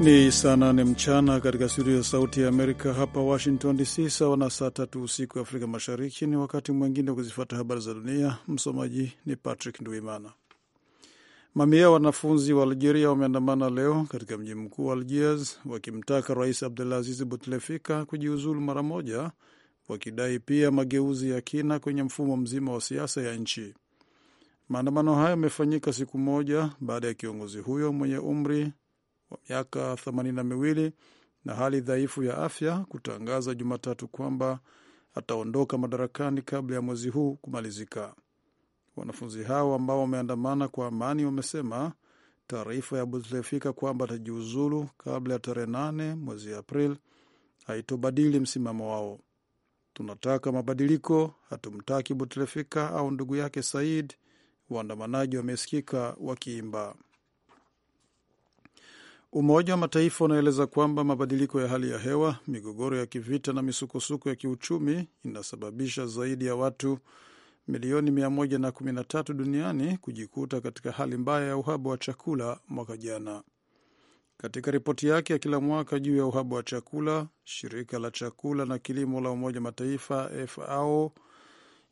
Ni saa nane mchana katika studio ya Sauti ya Amerika hapa Washington DC, sawa na saa tatu usiku wa Afrika Mashariki. Ni wakati mwingine wa kuzifuata habari za dunia. Msomaji ni Patrick Nduimana. Mamia ya wanafunzi wa Algeria wameandamana leo katika mji mkuu wa Algiers wakimtaka Rais Abdelaziz Bouteflika kujiuzulu mara moja, wakidai pia mageuzi ya kina kwenye mfumo mzima wa siasa ya nchi. Maandamano hayo yamefanyika siku moja baada ya kiongozi huyo mwenye umri wa miaka themanini na miwili na hali dhaifu ya afya kutangaza Jumatatu kwamba ataondoka madarakani kabla ya mwezi huu kumalizika. Wanafunzi hao ambao wameandamana kwa amani wamesema taarifa ya Bouteflika kwamba atajiuzulu kabla ya tarehe nane mwezi April haitobadili msimamo wao. Tunataka mabadiliko, hatumtaki Bouteflika au ndugu yake Said, waandamanaji wamesikika wakiimba. Umoja wa Mataifa unaeleza kwamba mabadiliko ya hali ya hewa, migogoro ya kivita na misukosuko ya kiuchumi inasababisha zaidi ya watu milioni 113 duniani kujikuta katika hali mbaya ya uhaba wa chakula mwaka jana. Katika ripoti yake ya kila mwaka juu ya uhaba wa chakula, shirika la chakula na kilimo la Umoja Mataifa FAO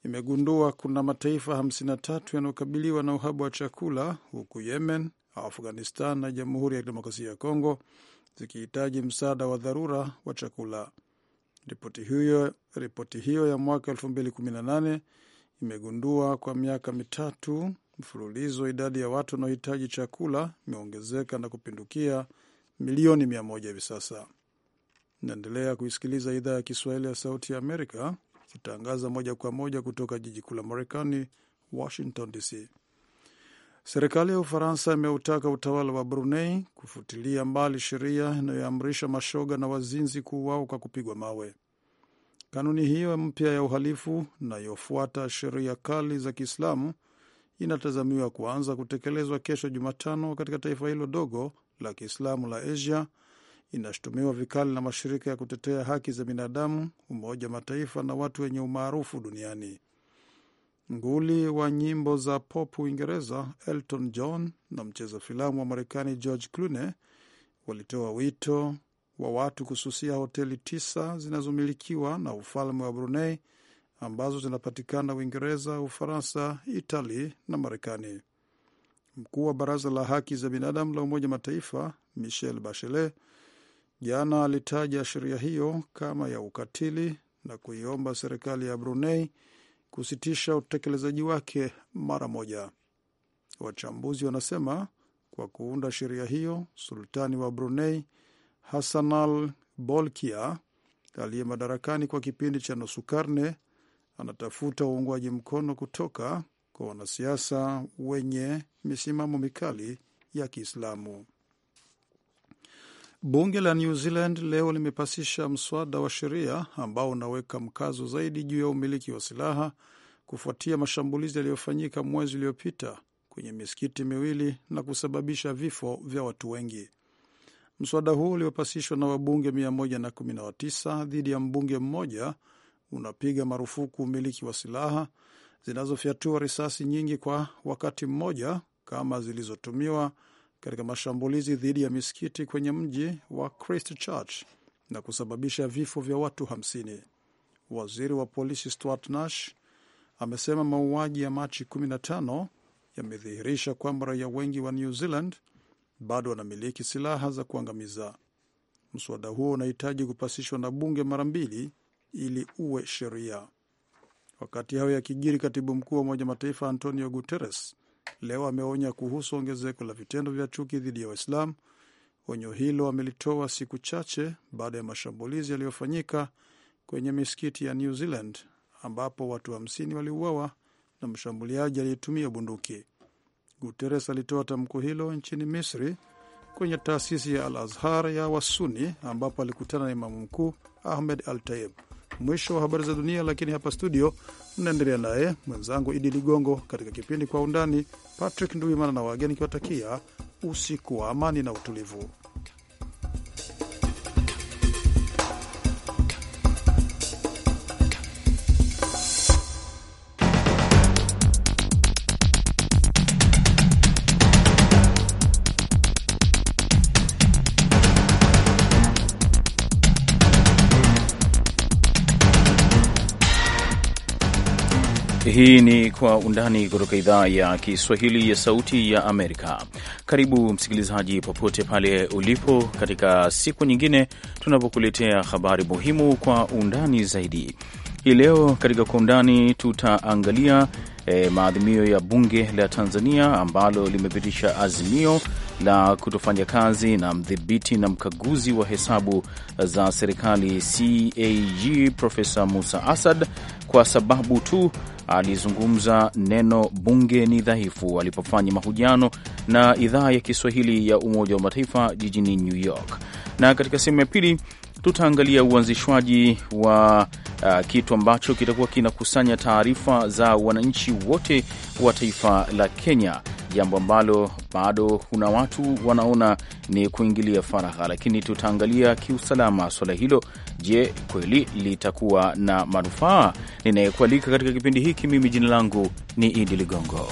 imegundua kuna mataifa 53 yanayokabiliwa na uhaba wa chakula, huku Yemen Afghanistan na Jamhuri ya Kidemokrasia ya Kongo zikihitaji msaada wa dharura wa chakula. Ripoti hiyo, ripoti hiyo ya mwaka 2018 imegundua kwa miaka mitatu mfululizo idadi ya watu wanaohitaji chakula imeongezeka na kupindukia milioni mia moja hivi sasa. Naendelea kuisikiliza idhaa ya Kiswahili ya Sauti ya Amerika ikitangaza moja kwa moja kutoka jiji kuu la Marekani, Washington DC. Serikali ya Ufaransa imeutaka utawala wa Brunei kufutilia mbali sheria inayoamrisha mashoga na wazinzi kuuawa kwa kupigwa mawe. Kanuni hiyo mpya ya uhalifu inayofuata sheria kali za Kiislamu inatazamiwa kuanza kutekelezwa kesho Jumatano katika taifa hilo dogo la Kiislamu la Asia. Inashutumiwa vikali na mashirika ya kutetea haki za binadamu, Umoja Mataifa na watu wenye umaarufu duniani nguli wa nyimbo za pop Uingereza Elton John na mcheza filamu wa Marekani George Clooney walitoa wito wa watu kususia hoteli tisa zinazomilikiwa na ufalme wa Brunei ambazo zinapatikana Uingereza, Ufaransa, Itali na Marekani. Mkuu wa baraza la haki za binadamu la Umoja Mataifa Michelle Bachelet jana alitaja sheria hiyo kama ya ukatili na kuiomba serikali ya Brunei kusitisha utekelezaji wake mara moja. Wachambuzi wanasema kwa kuunda sheria hiyo, sultani wa Brunei Hassanal bolkia aliye madarakani kwa kipindi cha nusu karne anatafuta uungwaji mkono kutoka kwa wanasiasa wenye misimamo mikali ya Kiislamu. Bunge la New Zealand leo limepasisha mswada wa sheria ambao unaweka mkazo zaidi juu ya umiliki wa silaha kufuatia mashambulizi yaliyofanyika mwezi uliopita kwenye misikiti miwili na kusababisha vifo vya watu wengi. Mswada huo uliopasishwa na wabunge 119 dhidi ya mbunge mmoja unapiga marufuku umiliki wa silaha zinazofyatua risasi nyingi kwa wakati mmoja kama zilizotumiwa katika mashambulizi dhidi ya misikiti kwenye mji wa Christchurch na kusababisha vifo vya watu hamsini. Waziri wa polisi Stuart Nash amesema mauaji ya Machi 15 yamedhihirisha kwamba raia wengi wa New Zealand bado wanamiliki silaha za kuangamiza. Mswada huo unahitaji kupasishwa na bunge mara mbili ili uwe sheria. Wakati hayo yakijiri, katibu mkuu wa Umoja Mataifa Antonio Guterres leo ameonya kuhusu ongezeko la vitendo vya chuki dhidi ya waislam Onyo hilo amelitoa siku chache baada ya mashambulizi yaliyofanyika kwenye misikiti ya New Zealand ambapo watu hamsini wa waliuawa na mshambuliaji aliyetumia bunduki. guteres alitoa tamko hilo nchini Misri kwenye taasisi ya Al Azhar ya Wasuni ambapo alikutana na imamu mkuu Ahmed Al Taib. Mwisho wa habari za dunia, lakini hapa studio mnaendelea naye mwenzangu Idi Ligongo katika kipindi Kwa Undani. Patrick Nduimana na wageni kiwatakia usiku wa amani na utulivu. Hii ni Kwa Undani kutoka idhaa ya Kiswahili ya Sauti ya Amerika. Karibu msikilizaji, popote pale ulipo, katika siku nyingine tunapokuletea habari muhimu kwa undani zaidi. Hii leo katika Kwa Undani tutaangalia e, maadhimio ya bunge la Tanzania ambalo limepitisha azimio la kutofanya kazi na mdhibiti na mkaguzi wa hesabu za serikali CAG Profesa Musa Asad kwa sababu tu alizungumza neno bunge ni dhaifu alipofanya mahojiano na idhaa ya Kiswahili ya Umoja wa Mataifa jijini New York. Na katika sehemu ya pili tutaangalia uanzishwaji wa uh, kitu ambacho kitakuwa kinakusanya taarifa za wananchi wote wa taifa la Kenya, jambo ambalo bado kuna watu wanaona ni kuingilia faragha, lakini tutaangalia kiusalama swala hilo. Je, kweli litakuwa na manufaa? Ninayekualika katika kipindi hiki mimi, jina langu ni Idi Ligongo.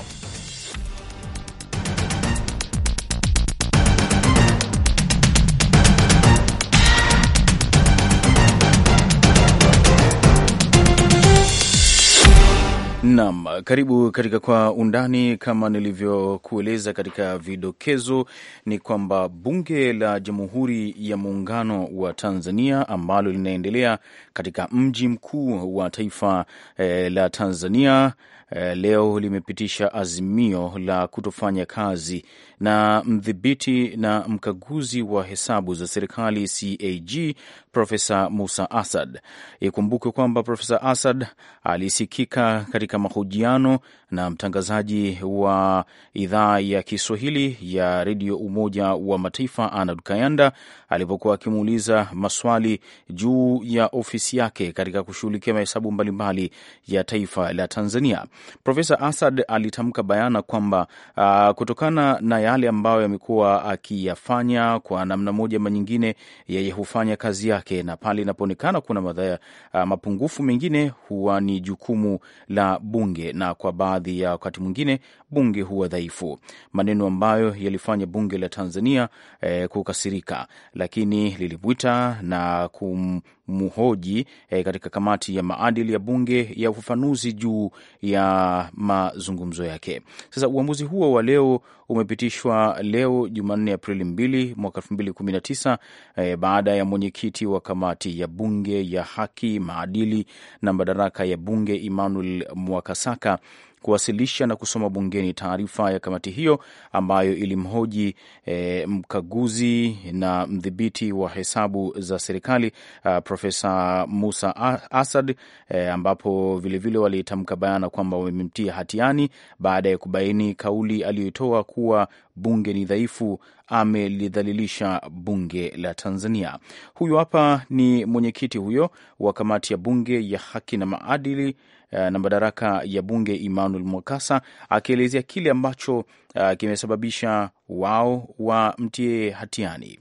Naam, karibu katika Kwa Undani. Kama nilivyokueleza katika vidokezo, ni kwamba bunge la Jamhuri ya Muungano wa Tanzania ambalo linaendelea katika mji mkuu wa taifa eh, la Tanzania eh, leo limepitisha azimio la kutofanya kazi na mdhibiti na mkaguzi wa hesabu za serikali CAG Profesa Musa Asad. ikumbukwe kwamba Profesa Asad alisikika katika katika mahojiano na mtangazaji wa idhaa ya Kiswahili ya redio Umoja wa Mataifa Arnold Kayanda alipokuwa akimuuliza maswali juu ya ofisi yake katika kushughulikia mahesabu mbalimbali ya taifa la Tanzania. Profesa Asad alitamka bayana kwamba uh, kutokana na yale ambayo yamekuwa akiyafanya kwa namna moja ama nyingine, yeye hufanya kazi yake na pale inapoonekana kuna madhaya, uh, mapungufu mengine huwa ni jukumu la bunge na kwa baadhi ya wakati mwingine bunge huwa dhaifu, maneno ambayo yalifanya bunge la Tanzania eh, kukasirika, lakini lilimwita na kumhoji eh, katika kamati ya maadili ya bunge ya ufafanuzi juu ya mazungumzo yake. Sasa uamuzi huo wa leo umepitishwa leo Jumanne, Aprili 2 mwaka 2019 eh, baada ya mwenyekiti wa kamati ya bunge ya haki, maadili na madaraka ya bunge Emmanuel Mwakasaka kuwasilisha na kusoma bungeni taarifa ya kamati hiyo ambayo ilimhoji e, mkaguzi na mdhibiti wa hesabu za serikali ah, Profesa Musa Asad e, ambapo vilevile walitamka bayana kwamba wamemtia hatiani baada ya kubaini kauli aliyoitoa kuwa bunge ni dhaifu amelidhalilisha bunge la Tanzania. Huyu hapa ni mwenyekiti huyo wa kamati ya bunge ya haki na maadili eh, na madaraka ya bunge Emmanuel Mwakasa akielezea kile ambacho uh, kimesababisha wao wa mtie hatiani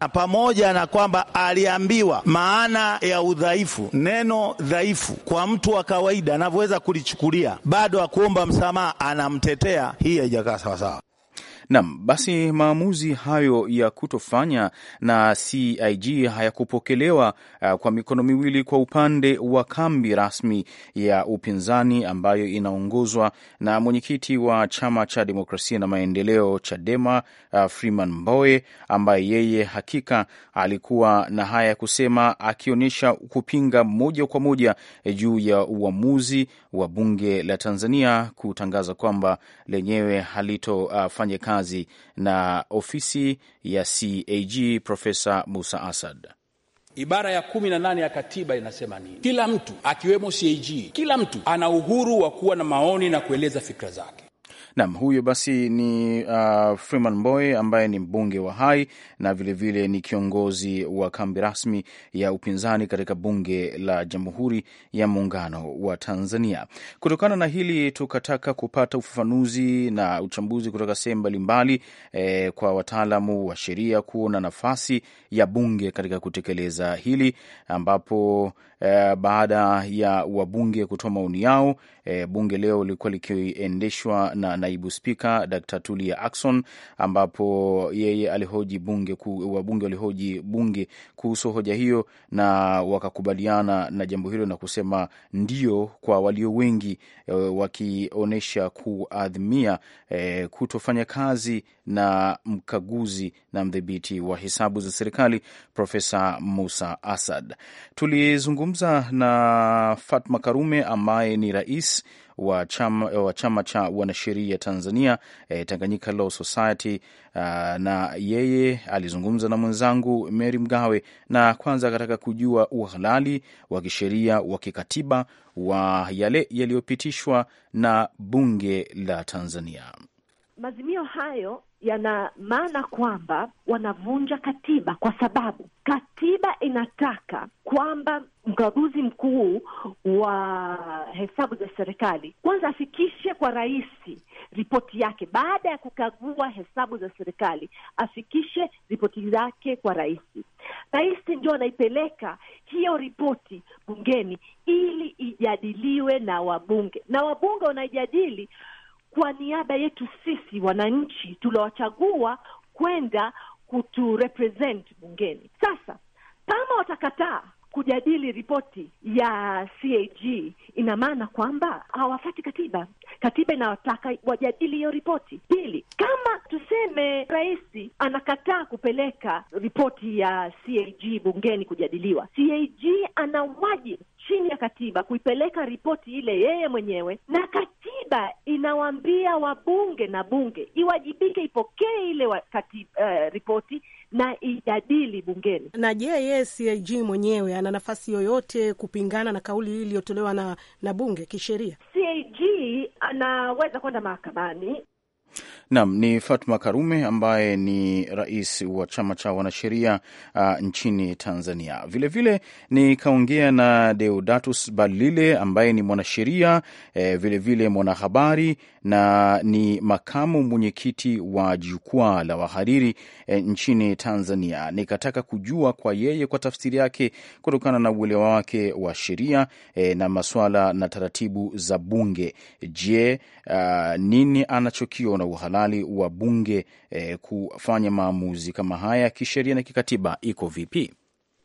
na pamoja na kwamba aliambiwa maana ya udhaifu, neno dhaifu kwa mtu wa kawaida anavyoweza kulichukulia, bado akuomba msamaha, anamtetea. Hii haijakaa sawasawa. Naam, basi maamuzi hayo ya kutofanya na CIG hayakupokelewa uh, kwa mikono miwili kwa upande wa kambi rasmi ya upinzani ambayo inaongozwa na mwenyekiti wa chama cha demokrasia na maendeleo Chadema, uh, Freeman Mbowe, ambaye yeye hakika alikuwa na haya ya kusema, akionyesha kupinga moja kwa moja eh, juu ya uamuzi wa bunge la Tanzania kutangaza kwamba lenyewe halitofanya uh, kazi kazi na ofisi ya CAG Profesa Musa Asad. Ibara ya kumi na nane ya katiba inasema nini? Kila mtu akiwemo CAG, kila mtu ana uhuru wa kuwa na maoni na kueleza fikra zake. Nam huyo basi ni uh, Freeman Mbowe ambaye ni mbunge wa Hai na vilevile vile ni kiongozi wa kambi rasmi ya upinzani katika bunge la Jamhuri ya Muungano wa Tanzania. Kutokana na hili, tukataka kupata ufafanuzi na uchambuzi kutoka sehemu mbalimbali, eh, kwa wataalamu wa sheria kuona nafasi ya bunge katika kutekeleza hili ambapo eh, baada ya wabunge kutoa maoni yao e, bunge leo lilikuwa likiendeshwa na naibu spika Dr. Tulia Ackson, ambapo yeye alihoji bunge ku, wabunge walihoji bunge kuhusu hoja hiyo na wakakubaliana na jambo hilo na kusema ndio kwa walio wengi e, wakionyesha kuadhimia e, kutofanya kazi na mkaguzi na mdhibiti wa hesabu za serikali Profesa Musa Asad. Tulizungumza na Fatma Karume ambaye ni rais wa chama, wa chama cha wanasheria Tanzania eh, Tanganyika Law Society. Uh, na yeye alizungumza na mwenzangu Mary Mgawe, na kwanza akataka kujua uhalali wa kisheria wa kikatiba wa yale yaliyopitishwa na bunge la Tanzania maazimio hayo yana maana kwamba wanavunja katiba, kwa sababu katiba inataka kwamba mkaguzi mkuu wa hesabu za serikali kwanza afikishe kwa rais ripoti yake, baada ya kukagua hesabu za serikali afikishe ripoti zake kwa rais. Rais ndio anaipeleka hiyo ripoti bungeni ili ijadiliwe na wabunge, na wabunge wanaijadili kwa niaba yetu sisi wananchi tuliowachagua kwenda kuturepresent bungeni. Sasa kama watakataa kujadili ripoti ya CAG ina maana kwamba hawafati katiba. Katiba inawataka wajadili hiyo ripoti. Pili, kama tuseme rais anakataa kupeleka ripoti ya CAG bungeni kujadiliwa, CAG ana wajibu chini ya katiba kuipeleka ripoti ile yeye mwenyewe, na katiba inawaambia wabunge na bunge iwajibike, ipokee ile katiba, uh, eh, ripoti na ijadili bungeni. Na je, yeye CAG mwenyewe ana nafasi yoyote kupingana na kauli hii iliyotolewa na, na bunge kisheria? CAG anaweza kwenda mahakamani. Naam, ni Fatma Karume ambaye ni rais wa chama cha wanasheria uh, nchini Tanzania. Vilevile nikaongea na Deodatus Balile ambaye ni mwanasheria eh, vilevile mwanahabari na ni makamu mwenyekiti wa jukwaa la wahariri eh, nchini Tanzania. Nikataka kujua kwa yeye, kwa tafsiri yake kutokana na uelewa wake wa sheria eh, na maswala na taratibu za bunge. Je, uh, nini anachokiona uhalali halali wa bunge eh, kufanya maamuzi kama haya kisheria na kikatiba iko vipi?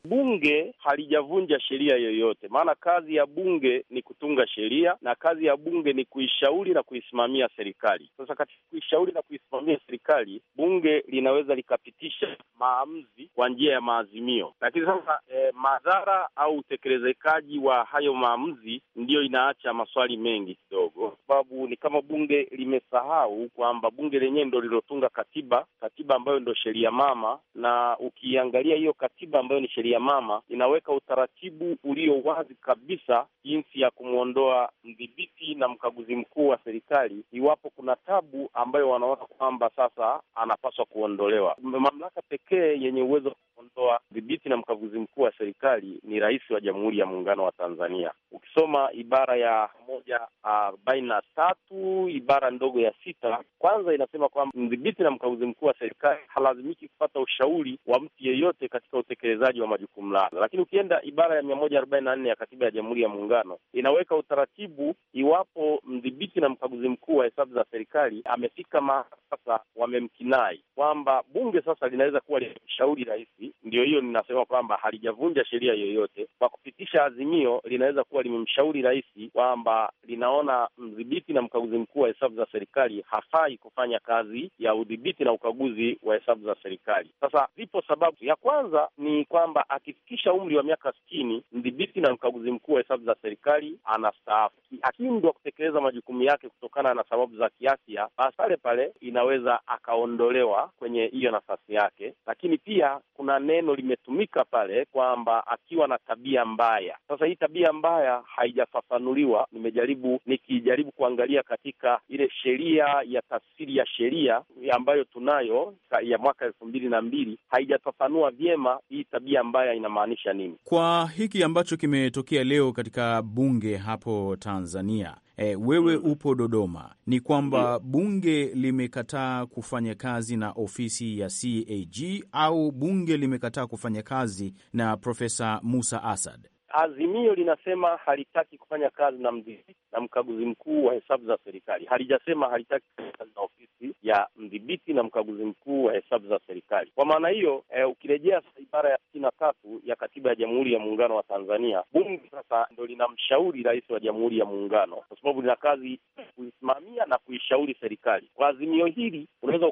Bunge halijavunja sheria yoyote, maana kazi ya bunge ni kutunga sheria na kazi ya bunge ni kuishauri na kuisimamia serikali. Sasa katika kuishauri na kuisimamia serikali, bunge linaweza likapitisha maamuzi kwa njia ya maazimio, lakini sasa eh, madhara au utekelezekaji wa hayo maamuzi ndiyo inaacha maswali mengi kidogo, kwa sababu ni kama bunge limesahau kwamba bunge lenyewe ndo lilotunga katiba, katiba ambayo ndo sheria mama, na ukiangalia hiyo katiba ambayo ni sheria ya mama inaweka utaratibu ulio wazi kabisa jinsi ya kumwondoa mdhibiti na mkaguzi mkuu wa serikali iwapo kuna tabu ambayo wanaona kwamba sasa anapaswa kuondolewa. Mamlaka pekee yenye uwezo wa kuondoa mdhibiti na mkaguzi mkuu wa serikali ni Rais wa Jamhuri ya Muungano wa Tanzania. Ukisoma ibara ya moja arobaini na tatu ibara ndogo ya sita kwanza inasema kwamba mdhibiti na mkaguzi mkuu wa serikali halazimiki kupata ushauri wa mtu yeyote katika utekelezaji wa majukumu jukumu lake. Lakini ukienda ibara ya mia moja arobaini na nne ya katiba ya Jamhuri ya Muungano inaweka utaratibu iwapo mdhibiti na mkaguzi mkuu wa hesabu za serikali amefika mahali sasa wamemkinai kwamba bunge sasa linaweza kuwa limemshauri rais. Ndio hiyo ninasema kwamba halijavunja sheria yoyote kwa kupitisha azimio, linaweza kuwa limemshauri rais kwamba linaona mdhibiti na mkaguzi mkuu wa hesabu za serikali hafai kufanya kazi ya udhibiti na ukaguzi wa hesabu za serikali. Sasa zipo sababu. Ya kwanza ni kwamba akifikisha umri wa miaka sitini, mdhibiti na mkaguzi mkuu wa hesabu za serikali anastaafu. Akindwa kutekeleza majukumu yake kutokana na sababu za kiafya, basi pale pale inaweza akaondolewa kwenye hiyo nafasi yake. Lakini pia kuna neno limetumika pale kwamba akiwa na tabia mbaya. Sasa hii tabia mbaya haijafafanuliwa, nimejaribu nikijaribu kuangalia katika ile sheria ya tafsiri ya sheria ambayo tunayo ya mwaka elfu mbili na mbili haijafafanua vyema hii tabia mbaya mbaya inamaanisha nini kwa hiki ambacho kimetokea leo katika bunge hapo Tanzania. E, wewe mm. upo Dodoma, ni kwamba bunge limekataa kufanya kazi na ofisi ya CAG au bunge limekataa kufanya kazi na Profesa Musa Asad? Azimio linasema halitaki kufanya kazi na mdhibiti na mkaguzi mkuu wa hesabu za serikali, halijasema halitaki kufanya kazi na kazi ya mdhibiti na mkaguzi mkuu wa hesabu za serikali. Kwa maana hiyo e, ukirejea ibara ya sitini na tatu ya katiba ya Jamhuri ya Muungano wa Tanzania, bunge sasa ndo linamshauri rais wa Jamhuri ya Muungano, kwa sababu lina kazi kuisimamia na kuishauri serikali. Kwa azimio hili unaweza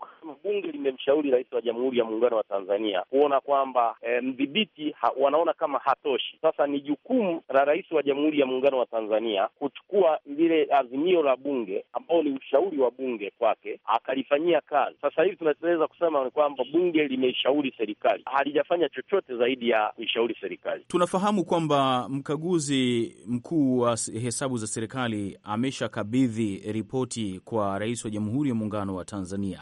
bunge limemshauri rais wa Jamhuri ya Muungano wa Tanzania kuona kwamba e, mdhibiti ha, wanaona kama hatoshi. Sasa ni jukumu la rais wa Jamhuri ya Muungano wa Tanzania kuchukua lile azimio la bunge ambao ni ushauri wa bunge kwake akalifanyia kazi. Sasa hivi tunaweza kusema ni kwamba bunge limeishauri serikali, halijafanya chochote zaidi ya kuishauri serikali. Tunafahamu kwamba mkaguzi mkuu wa hesabu za serikali ameshakabidhi ripoti kwa rais wa Jamhuri ya Muungano wa Tanzania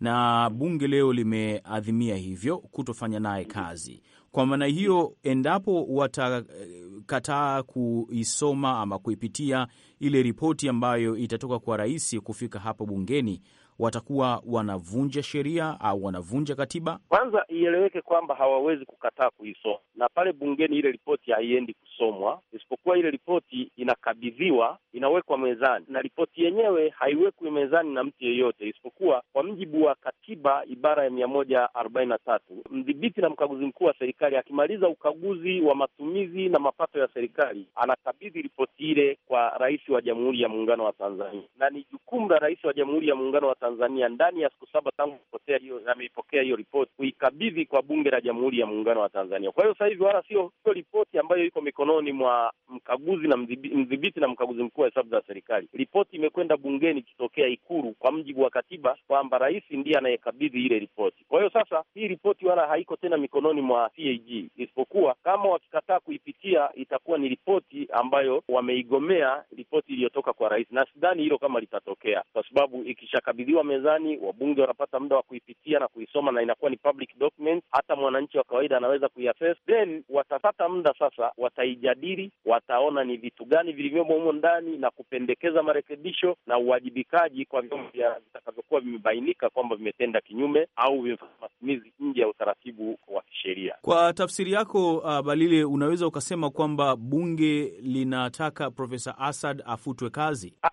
na bunge leo limeadhimia hivyo kutofanya naye kazi. Kwa maana hiyo, endapo watakataa kuisoma ama kuipitia ile ripoti ambayo itatoka kwa rais kufika hapo bungeni, watakuwa wanavunja sheria au wanavunja katiba? Kwanza ieleweke kwamba hawawezi kukataa kuisoma, na pale bungeni ile ripoti haiendi kusomwa, isipokuwa ile ripoti inakabidhiwa, inawekwa mezani, na ripoti yenyewe haiwekwi mezani na mtu yeyote, isipokuwa kwa mjibu wa katiba ibara ya mia moja arobaini na tatu mdhibiti na mkaguzi mkuu wa serikali akimaliza ukaguzi wa matumizi na mapato ya serikali anakabidhi ripoti ile kwa rais wa Jamhuri ya Muungano wa Tanzania, na ni jukumu la rais wa Jamhuri ya Muungano wa Tanzania ndani ya siku saba tangu ameipokea hiyo ripoti kuikabidhi kwa bunge la Jamhuri ya Muungano wa Tanzania. Kwa hiyo sasa hivi wala sio hiyo ripoti ambayo iko mikononi mwa mkaguzi na mdhibiti na mkaguzi mkuu wa hesabu za serikali. Ripoti imekwenda bungeni ikitokea Ikulu kwa mjibu wa katiba kwamba rais ndiye anayekabidhi ile ripoti. Kwa hiyo sasa hii ripoti wala haiko tena mikononi mwa CAG, isipokuwa kama wakikataa kuipitia itakuwa ni ripoti ambayo wameigomea, ripoti iliyotoka kwa rais, na sidhani hilo kama litatokea kwa sababu ikishakabidhiwa inaandaliwa mezani, wabunge wanapata muda wa kuipitia na kuisoma, na inakuwa ni public document, hata mwananchi wa kawaida anaweza kuiaccess. Then watapata muda sasa, wataijadili, wataona ni vitu gani vilivyomo humo ndani na kupendekeza marekebisho na uwajibikaji kwa vyombo vitakavyokuwa vimebainika kwamba vimetenda kinyume au vimefanya matumizi nje ya utaratibu wa kisheria. Kwa tafsiri yako, uh, Balile, unaweza ukasema kwamba bunge linataka Profesa Asad afutwe kazi? A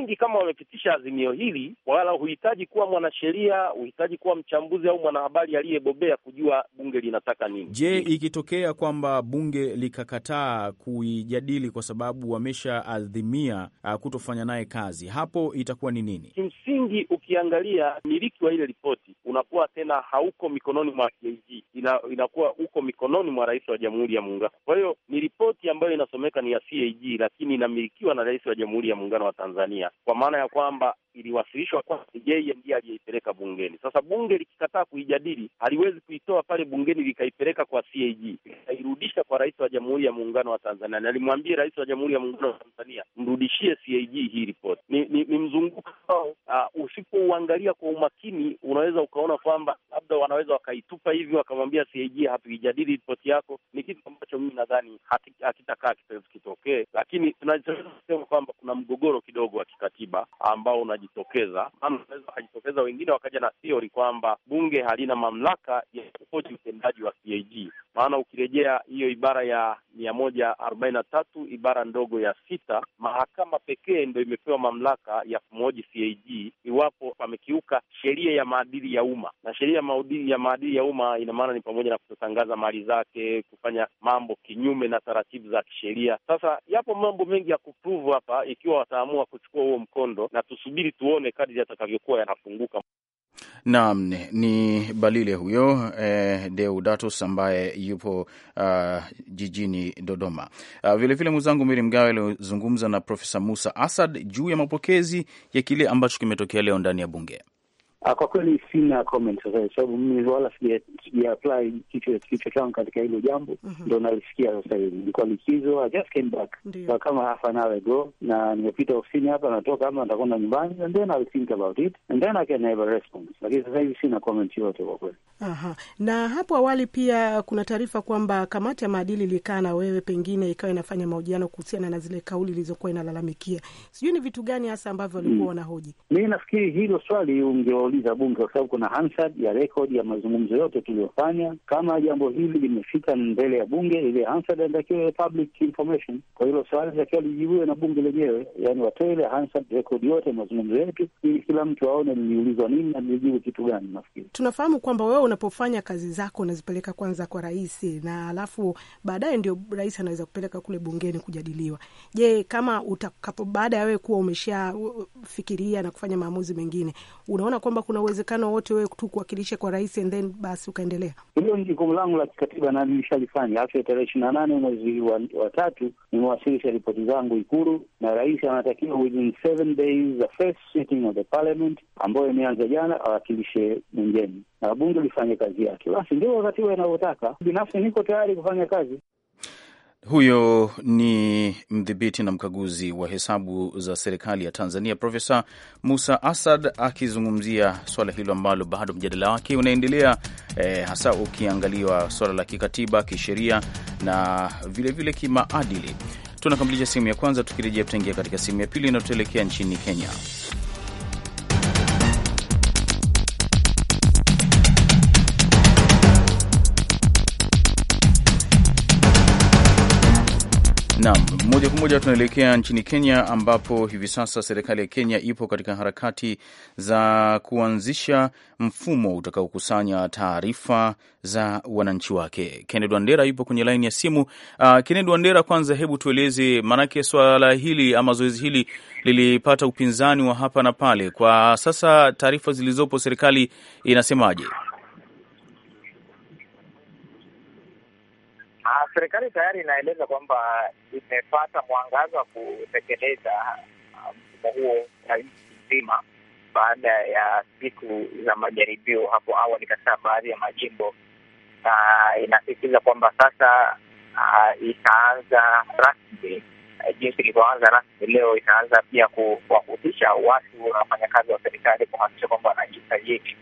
msingi kama wamepitisha azimio hili, wala huhitaji kuwa mwanasheria, huhitaji kuwa mchambuzi au mwanahabari aliyebobea kujua bunge linataka nini. Je, ikitokea kwamba bunge likakataa kuijadili kwa sababu wameshaadhimia uh, kutofanya naye kazi, hapo itakuwa ni nini? Kimsingi, ukiangalia miliki wa ile ripoti unakuwa tena hauko mikononi mwa CAG, ina, inakuwa uko mikononi mwa rais wa Jamhuri ya Muungano. Kwa hiyo ni ripoti ambayo inasomeka ni ya CAG, lakini inamilikiwa na rais wa Jamhuri ya Muungano wa Tanzania kwa maana ya kwamba iliwasilishwa kwamba yeye ndiye aliyeipeleka bungeni. Sasa bunge likikataa kuijadili, haliwezi kuitoa pale bungeni likaipeleka kwa CAG likairudisha kwa rais wa Jamhuri ya Muungano wa Tanzania. Nalimwambie rais wa Jamhuri ya Muungano wa Tanzania, mrudishie CAG hii ripoti. Ni, ni, ni mzunguko ambao uh, usipouangalia kwa umakini unaweza ukaona kwamba labda wanaweza wakaitupa hivi wakamwambia CAG hatuijadili ripoti yako. Ni kitu ambacho mimi nadhani hakitakaa kitokee, lakini tunaweza kusema kwamba kuna mgogoro kidogo wa kikatiba ambao una wakajitokeza, ama wanaweza wakajitokeza wengine wakaja na theory kwamba bunge halina mamlaka ya kuhoji utendaji wa CAG. Maana ukirejea hiyo ibara ya mia moja arobaini na tatu ibara ndogo ya sita, mahakama pekee ndo imepewa mamlaka ya kumhoji CAG iwapo pamekiuka sheria ya maadili ya umma, na sheria ya maadili ya umma ina maana ni pamoja na kutotangaza mali zake, kufanya mambo kinyume na taratibu za kisheria. Sasa yapo mambo mengi ya kupruvu hapa, ikiwa wataamua kuchukua huo mkondo, na tusubiri ili tuone kadri yatakavyokuwa yanafunguka. Naam, ni Balile huyo eh, Deodatus ambaye yupo uh, jijini Dodoma. Uh, ah, vilevile mwenzangu Miri Mgawe aliozungumza na Profesa Musa Asad juu ya mapokezi ya kile ambacho kimetokea leo ndani ya bunge. Ah, kwa kweli sina comment sasa sababu mimi wala sijaapply kichwa changu katika hilo jambo, mhm. ndo nalisikia sasa hivi. Nilikuwa likizo, I just came back kama half an hour ago, na nimepita ofisini hapa, natoka hapa, nitakwenda nyumbani, and then I'll think about it and then I can have a response, lakini sasa hivi sina comment yote kwa kweli. Aha, na hapo awali pia kuna taarifa kwamba kamati ya maadili ilikaa na wewe, pengine ikawa inafanya mahojiano kuhusiana na zile kauli ilizokuwa inalalamikia. Sijui ni vitu gani hasa ambavyo walikuwa mm. wanahoji. Mi nafikiri hilo swali unge kuuliza bunge, kwa sababu kuna Hansard ya rekodi ya mazungumzo yote tuliyofanya. Kama jambo hili limefika mbele ya bunge, ile Hansard inatakiwa public information, kwa hilo swali inatakiwa lijibiwe na bunge lenyewe, yani watoe ile Hansard rekodi yote mazungumzo yetu, ili kila mtu aone niliulizwa nini na nilijibu kitu gani. Nafikiri tunafahamu kwamba wewe unapofanya kazi zako unazipeleka kwanza kwa rais, na alafu baadaye ndio rais anaweza kupeleka kule bungeni kujadiliwa. Je, kama utakapo baada ya wewe kuwa umeshafikiria na kufanya maamuzi mengine, unaona kwamba kwamba kuna uwezekano wote wewe tu kuwakilisha kwa rais and then basi ukaendelea? Hilo ni jukumu langu la kikatiba na nilishalifanya. Afya tarehe ishirini na nane mwezi wa, wa tatu nimewasilisha ripoti zangu Ikulu, na rais anatakiwa within seven days the first sitting of the parliament ambayo imeanza jana awakilishe bungeni na bunge lifanye kazi yake. Basi ndio katiba inavyotaka. Binafsi niko tayari kufanya kazi. Huyo ni mdhibiti na mkaguzi wa hesabu za serikali ya Tanzania, Profesa Musa Asad akizungumzia swala hilo ambalo bado mjadala wake unaendelea, eh, hasa ukiangaliwa swala la kikatiba, kisheria na vilevile kimaadili. Tunakamilisha sehemu ya kwanza, tukirejea tutaingia katika sehemu ya pili inayotuelekea nchini Kenya. Naam, moja kwa moja tunaelekea nchini Kenya ambapo hivi sasa serikali ya Kenya ipo katika harakati za kuanzisha mfumo utakaokusanya taarifa za wananchi wake. Kennedy Wandera yupo kwenye laini ya simu. Uh, Kennedy Wandera, kwanza hebu tueleze, maanake swala hili ama zoezi hili lilipata upinzani wa hapa na pale. Kwa sasa taarifa zilizopo serikali inasemaje? Ah, serikali tayari inaeleza kwamba imepata mwangaza wa kutekeleza ah, mfumo huo rahisi mzima baada ya siku za majaribio hapo awali katika baadhi ya majimbo, na inasisitiza kwamba sasa uh, itaanza rasmi eh, jinsi ilivyoanza rasmi leo, itaanza pia kuwahusisha watu na wafanyakazi wa serikali kuhakikisha kwamba wanajisajili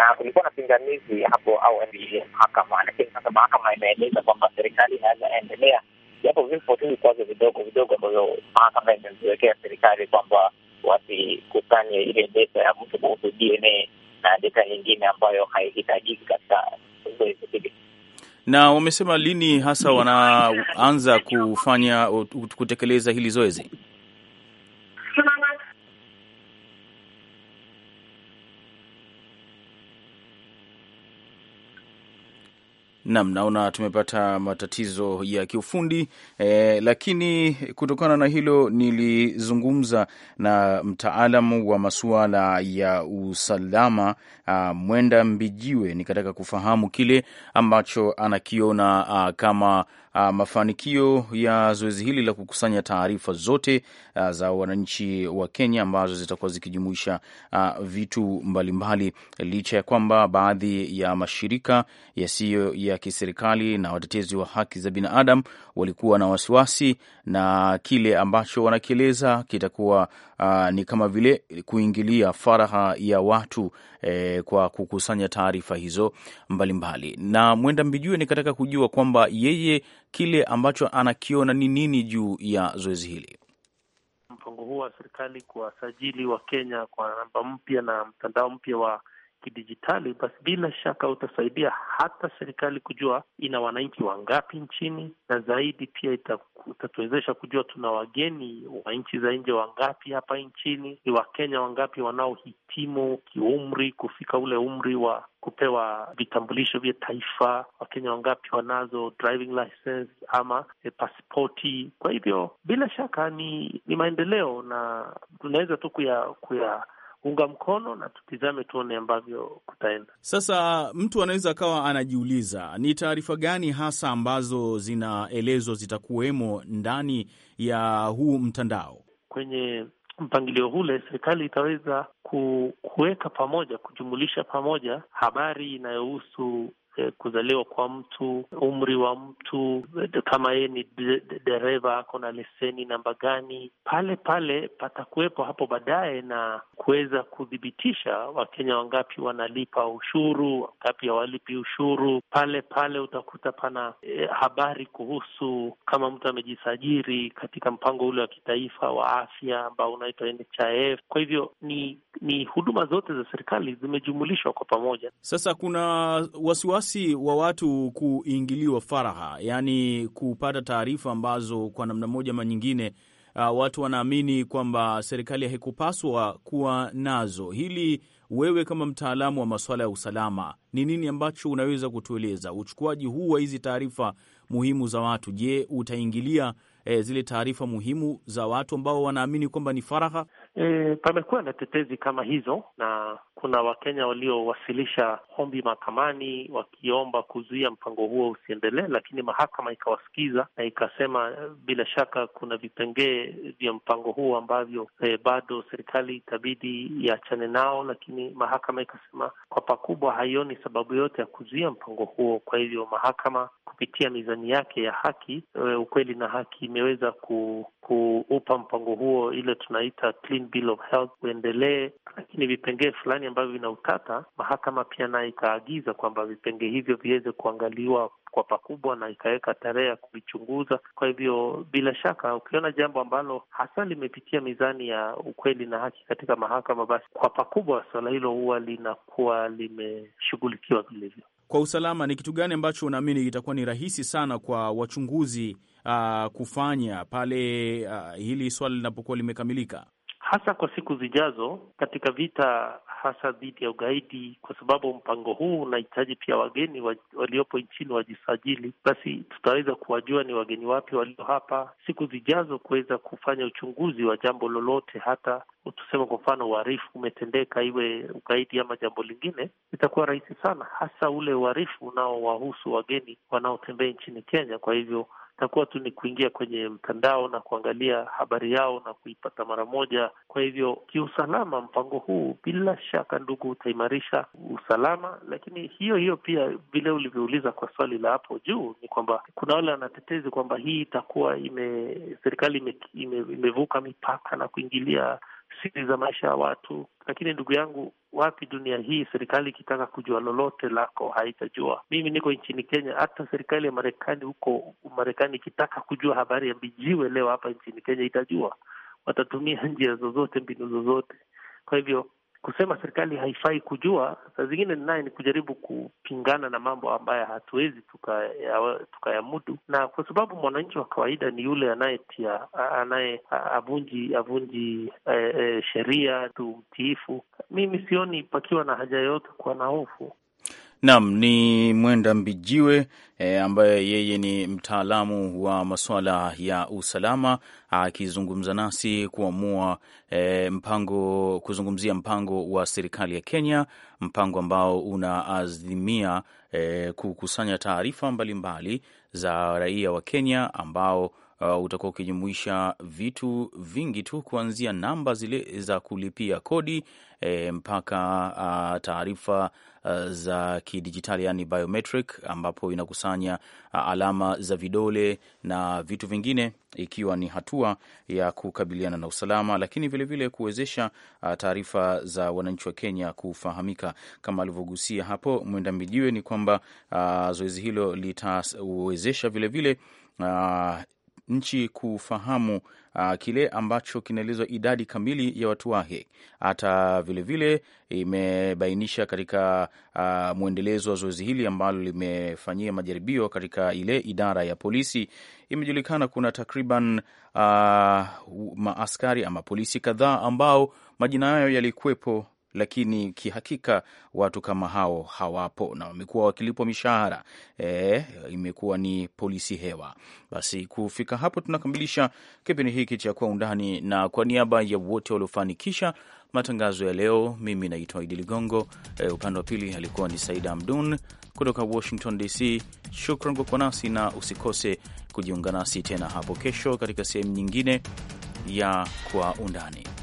na kulikuwa na pingamizi hapo au ya mahakama, lakini sasa mahakama imeeleza kwamba serikali inaweza endelea, japo vipo tu vikwazo vidogo vidogo ambavyo mahakama imeziwekea serikali kwamba wasikusanye ile data ya mtu kuhusu DNA na data nyingine ambayo haihitajiki katika zoezi hili na wamesema lini hasa wanaanza kufanya kutekeleza hili zoezi? Nam, naona tumepata matatizo ya kiufundi eh, lakini kutokana na hilo nilizungumza na mtaalamu wa masuala ya usalama ah, Mwenda Mbijiwe, nikataka kufahamu kile ambacho anakiona ah, kama a, ah, mafanikio ya zoezi hili la kukusanya taarifa zote a, ah, za wananchi wa Kenya ambazo zitakuwa zikijumuisha a, ah, vitu mbalimbali mbali, licha ya kwamba baadhi ya mashirika yasiyo ya, ya kiserikali na watetezi wa haki za binadamu walikuwa na wasiwasi na kile ambacho wanakieleza kitakuwa a, ni kama vile kuingilia faraha ya watu e, kwa kukusanya taarifa hizo mbalimbali mbali. Na Mwenda Mbijue nikataka kujua kwamba yeye kile ambacho anakiona ni nini juu ya zoezi hili mpango huu wa serikali kuwasajili Wakenya kwa namba mpya na mtandao mpya wa kidijitali, basi bila shaka utasaidia hata serikali kujua ina wananchi wangapi nchini, na zaidi pia itatuwezesha kujua tuna wageni wa nchi za nje wangapi hapa nchini, ni Wakenya wangapi wanaohitimu kiumri kufika ule umri wa kupewa vitambulisho vya taifa, Wakenya wangapi wanazo driving license ama e, pasipoti. Kwa hivyo bila shaka ni, ni maendeleo na tunaweza tu kuya, kuya kuunga mkono na tutizame tuone ambavyo kutaenda. Sasa mtu anaweza akawa anajiuliza ni taarifa gani hasa ambazo zinaelezwa zitakuwemo ndani ya huu mtandao. Kwenye mpangilio ule, serikali itaweza kuweka pamoja, kujumulisha pamoja habari inayohusu Eh, kuzaliwa kwa mtu, umri wa mtu, eh, kama yeye ni dereva, ako na leseni namba gani, pale pale patakuwepo hapo baadaye na kuweza kuthibitisha Wakenya wangapi wanalipa ushuru, wangapi hawalipi ushuru. Pale pale utakuta pana e, habari kuhusu kama mtu amejisajiri katika mpango ule wa kitaifa wa afya ambao unaitwa NHIF. Kwa hivyo ni, ni huduma zote za serikali zimejumulishwa kwa pamoja. Sasa kuna wasiwasi wasiwasi wa watu kuingiliwa faraha, yaani kupata taarifa ambazo kwa namna moja ama nyingine Uh, watu wanaamini kwamba serikali haikupaswa kuwa nazo. Hili wewe kama mtaalamu wa masuala ya usalama, ni nini ambacho unaweza kutueleza? Uchukuaji huu wa hizi taarifa muhimu za watu, je, utaingilia eh, zile taarifa muhimu za watu ambao wanaamini kwamba ni faraha E, pamekuwa na tetezi kama hizo, na kuna Wakenya waliowasilisha ombi mahakamani wakiomba kuzuia mpango huo usiendelee, lakini mahakama ikawasikiza na ikasema bila shaka kuna vipengee vya mpango huo ambavyo e, bado serikali itabidi iachane nao, lakini mahakama ikasema kwa pakubwa haioni sababu yote ya kuzuia mpango huo. Kwa hivyo mahakama kupitia mizani yake ya haki, e, ukweli na haki, imeweza kuupa mpango huo ile tunaita Green Bill of Health uendelee, lakini vipengee fulani ambavyo vina utata, mahakama pia nayo ikaagiza kwamba vipengee hivyo viweze kuangaliwa kwa pakubwa na ikaweka tarehe ya kuvichunguza. Kwa hivyo, bila shaka, ukiona jambo ambalo hasa limepitia mizani ya ukweli na haki katika mahakama, basi kwa pakubwa suala hilo huwa linakuwa limeshughulikiwa vilivyo. Kwa usalama, ni kitu gani ambacho unaamini itakuwa ni rahisi sana kwa wachunguzi uh, kufanya pale uh, hili swala linapokuwa limekamilika? hasa kwa siku zijazo katika vita hasa dhidi ya ugaidi, kwa sababu mpango huu unahitaji pia wageni wa, waliopo nchini wajisajili. Basi tutaweza kuwajua ni wageni wapi walio hapa siku zijazo, kuweza kufanya uchunguzi wa jambo lolote, hata tuseme kwa mfano uharifu umetendeka, iwe ugaidi ama jambo lingine, itakuwa rahisi sana, hasa ule uharifu unaowahusu wageni wanaotembea nchini Kenya. Kwa hivyo itakuwa tu ni kuingia kwenye mtandao na kuangalia habari yao na kuipata mara moja. Kwa hivyo, kiusalama, mpango huu bila shaka, ndugu, utaimarisha usalama, lakini hiyo hiyo pia vile ulivyouliza kwa swali la hapo juu ni kwamba kuna wale wanatetezi kwamba hii itakuwa ime serikali ime, ime, imevuka mipaka na kuingilia siri za maisha ya watu. Lakini ndugu yangu, wapi dunia hii, serikali ikitaka kujua lolote lako haitajua. Mimi niko nchini Kenya, hata serikali ya Marekani huko Marekani ikitaka kujua habari ya mijiwe leo hapa nchini Kenya itajua, watatumia njia zozote, mbinu zozote. Kwa hivyo kusema serikali haifai kujua, saa zingine naye ni kujaribu kupingana na mambo ambayo hatuwezi tukayamudu, tuka na kwa sababu mwananchi wa kawaida ni yule anayetia anaye avunji avunji e, e, sheria tu mtiifu. Mimi sioni pakiwa na haja yoyote kuwa na hofu. Naam, ni Mwenda Mbijiwe e, ambaye yeye ni mtaalamu wa masuala ya usalama akizungumza nasi kuamua e, mpango kuzungumzia mpango wa serikali ya Kenya, mpango ambao unaazimia e, kukusanya taarifa mbalimbali za raia wa Kenya ambao uh, utakuwa ukijumuisha vitu vingi tu kuanzia namba zile za kulipia kodi e, mpaka uh, taarifa uh, za kidijitali yani biometric, ambapo inakusanya uh, alama za vidole na vitu vingine, ikiwa ni hatua ya kukabiliana na usalama, lakini vilevile kuwezesha uh, taarifa za wananchi wa Kenya kufahamika. Kama alivyogusia hapo Mwenda Mbijiwe, ni kwamba uh, zoezi hilo litawezesha vilevile uh, nchi kufahamu uh, kile ambacho kinaelezwa idadi kamili ya watu wake. Hata vilevile imebainisha katika uh, mwendelezo wa zoezi hili ambalo limefanyia majaribio katika ile idara ya polisi, imejulikana kuna takriban uh, maaskari ama polisi kadhaa ambao majina yao yalikuwepo lakini kihakika watu kama hao hawapo na wamekuwa wakilipwa mishahara e, imekuwa ni polisi hewa. Basi kufika hapo, tunakamilisha kipindi hiki cha Kwa Undani, na kwa niaba ya wote waliofanikisha matangazo ya leo, mimi naitwa Idi Ligongo. E, upande wa pili alikuwa ni Saida Amdun kutoka Washington DC. Shukran kwa kuwa nasi na usikose kujiunga nasi tena hapo kesho katika sehemu nyingine ya Kwa Undani.